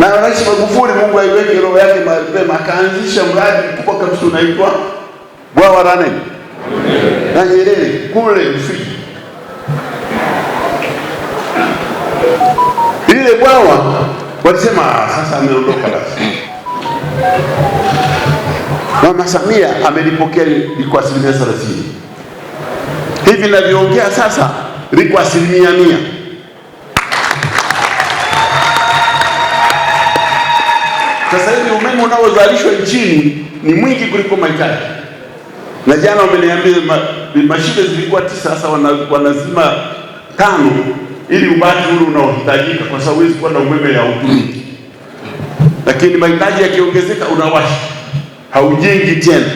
na Rais Magufuli, Mungu aiweke roho yake mahali pema, akaanzisha mradi mkubwa kabisa unaitwa bwawa la nani na Nyerere kule Rufiji. Ile bwawa walisema sasa ameondoka basi. Mama Samia amelipokea liko asilimia thelathini hivi navyoongea sasa liko asilimia mia Sasa hivi umeme unaozalishwa nchini ni mwingi kuliko mahitaji, na jana wameniambia ma, mashine zilikuwa tisa, sasa wana, wanazima tano ili ubaki ule unaohitajika, kwa sababu huwezi kuwa na umeme ya utumiki, lakini mahitaji yakiongezeka unawasha, haujengi tena.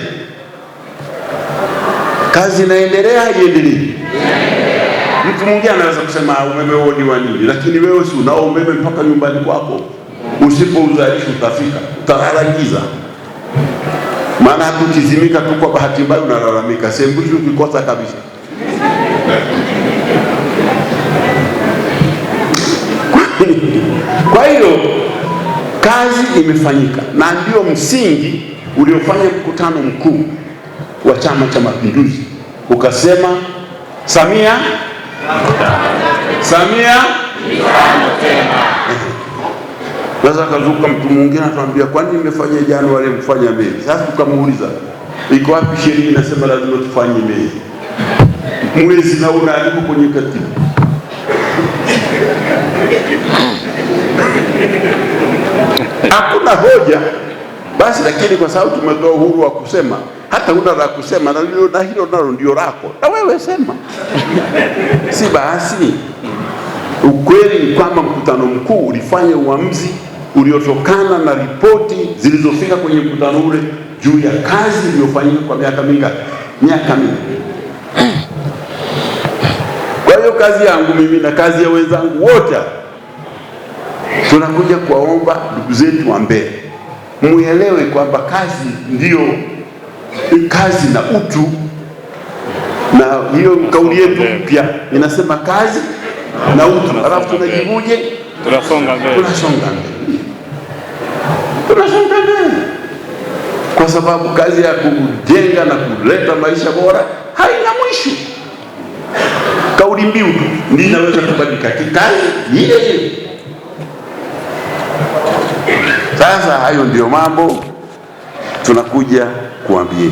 Kazi inaendelea, haiendelei. Mtu mwingine anaweza kusema ah, umeme huo ni wa nini, lakini wewe si unao umeme mpaka nyumbani kwako usipouzalisha utafika, utaharakiza. Maana ukizimika tu kwa bahati mbaya, unalalamika sembuzi ukikosa kabisa. Kwa hiyo kazi imefanyika na ndio msingi uliofanya mkutano mkuu wa Chama cha Mapinduzi ukasema, Samia Samia Samia. Samia. Sasa akazuka mtu mwingine atuambia, kwani nimefanya wale mfanya Mei? Sasa tukamuuliza iko wapi sheria inasema lazima tufanye Mei? Mwezi na unaalimu kwenye katiba hakuna hoja basi. Lakini kwa sababu tumetoa uhuru wa kusema, hata huna la kusema na hilo nalo ndio lako, na wewe sema si basi. Ukweli ni kwamba mkutano mkuu ulifanya uamuzi uliotokana na ripoti zilizofika kwenye mkutano ule juu ya kazi iliyofanyika kwa miaka mingi miaka mingi. Kwa hiyo kazi yangu mimi na kazi ya wenzangu wote tunakuja kuwaomba ndugu zetu wa Mbeya muelewe kwamba kazi ndiyo kazi na utu, na hiyo kauli yetu mpya inasema kazi na utu, alafu tunajivuje, tunasonga mbele, tunasonga mbele. kwa sababu kazi ya kujenga na kuleta maisha bora haina mwisho. Kauli mbiu tu ndio inaweza kubadilika kikazi ile ile. Sasa hayo ndiyo mambo tunakuja kuambia.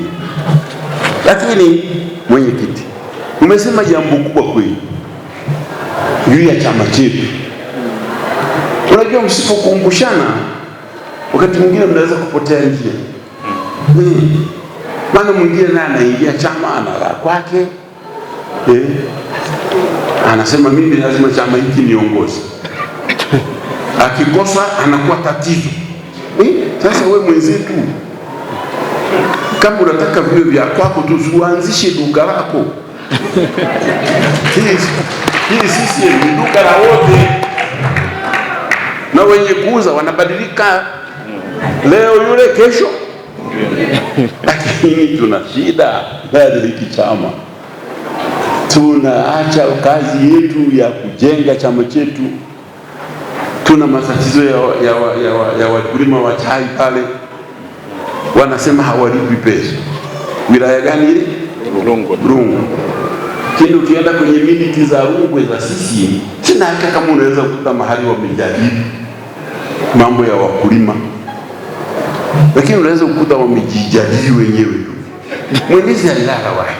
Lakini mwenyekiti, umesema jambo kubwa kweli juu ya chama chetu. Unajua, msipokumbushana wakati mwingine mnaweza kupotea njia eh, maana mwingine naye anaingia chama analaa kwake eh, anasema mimi lazima chama hiki niongoze akikosa anakuwa tatizo eh, sasa we mwenzetu, kama unataka vile vya kwako tusianzishe duka lako hii sisi ni duka la wote, na wenye kuuza wanabadilika, leo yule, kesho lakini tuna shida ndani hiki chama, tunaacha kazi yetu ya kujenga chama chetu. Tuna matatizo ya, ya, ya, ya wakulima wa chai pale, wanasema hawalipi pesa. Wilaya gani ile? Rungwe. Rungwe. ukienda kwenye miniti za Rungwe za sisi, sina hata kama unaweza kukuta mahali wamejadili mambo ya wakulima lakini unaweza kukuta wamejijadili wenyewe. mwenyezi alilala wapi?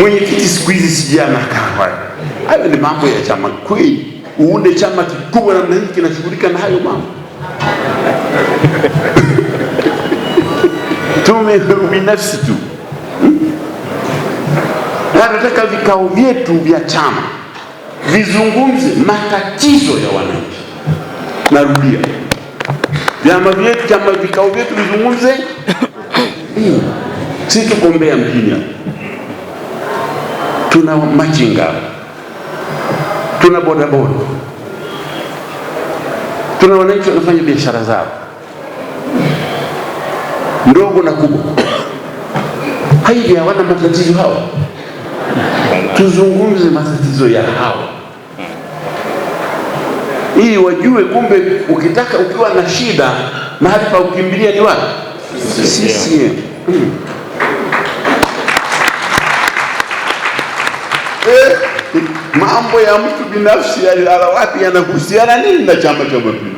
Mwenyekiti siku hizi sijui anakaa Hayo ni mambo ya chama kweli. Uunde chama kikubwa namna hii kinashughulika na hayo mambo. Tume binafsi tu. Nataka vikao vyetu vya chama vizungumze matatizo ya wananchi. Narudia vyama vyetu, chama vikao vyetu vizungumze si tukombea mjini tuna machinga, tuna bodaboda, tuna wananchi wanafanya biashara zao ndogo na kubwa, haidi hawana matatizo hawa. Tuzungumze matatizo ya hawa ili wajue kumbe ukitaka ukiwa na shida mahali pa kukimbilia ni wapi? Sisi. Hmm. Eh, mambo ya mtu binafsi yalala wapi, yanahusiana nini na Chama cha Mapinduzi?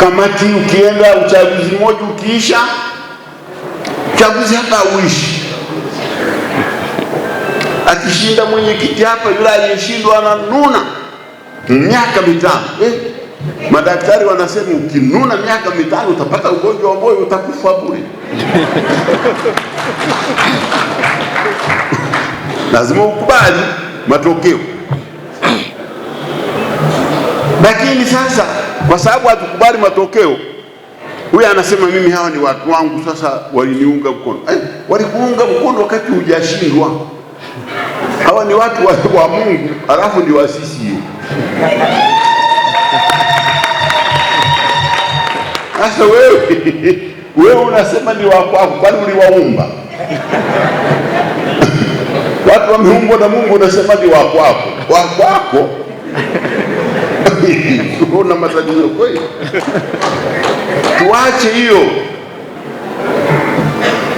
Kamati ukienda uchaguzi mmoja ukiisha, uchaguzi hata uishi akishinda mwenyekiti hapa, yule aliyeshindwa ananuna miaka mitano eh. Madaktari wanasema ukinuna miaka mitano utapata ugonjwa wa moyo, utakufa bure. lazima ukubali matokeo. Lakini sasa kwa sababu hatukubali matokeo, huyu anasema mimi, hawa ni watu wangu, sasa waliniunga mkono. Eh, walikuunga mkono wakati hujashindwa hawa ni watu wa, wa Mungu alafu ni wa CCM. Sasa wewe wewe unasema ni wakwako kwako, kwani uliwaumba? watu wameumbwa na Mungu, unasema ni wa kwako, wa una matatizo kweli? Tuache hiyo.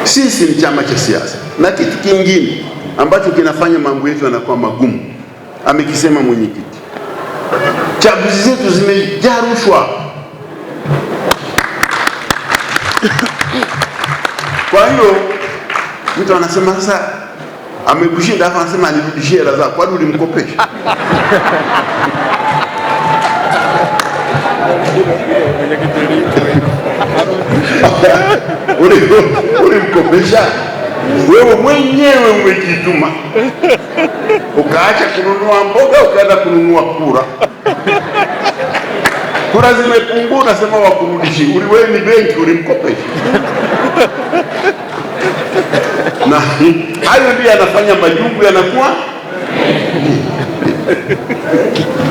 Sisi ni chama cha siasa na kitu kingine ambacho kinafanya mambo yetu yanakuwa magumu. Amekisema mwenyekiti, chaguzi zetu zimejaa rushwa. Kwa hiyo mtu anasema sasa amekushinda, halafu anasema anirudishie hela zako, kwani ulimkopesha? ulimkopesha wewe mwenyewe umejituma ukaacha kununua mboga ukaenda kununua kura kura zimepungua, unasema wakurudishi. Wewe ni benki, ulimkopesha na hayo ndio yanafanya majungu yanakuwa